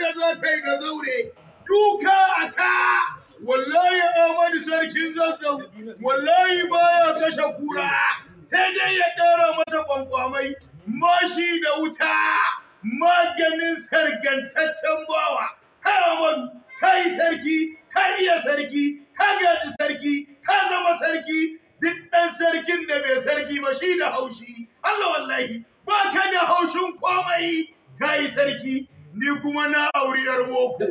da za ta yi da zaure duka a ta wallahi Amadu sarkin zazzau wallahi baya kashe kura sai dai ya ƙara mata kwankwamai mashi da wuta maganin sargantaccen bawa haramun kai sarki ka iya sarki ka gaji sarki ka zama sarki duk ɗan sarkin da bai sarki ba shi da haushi Allah wallahi ba ka da haushin komai ka yi sarki ni kuma na auri yar boko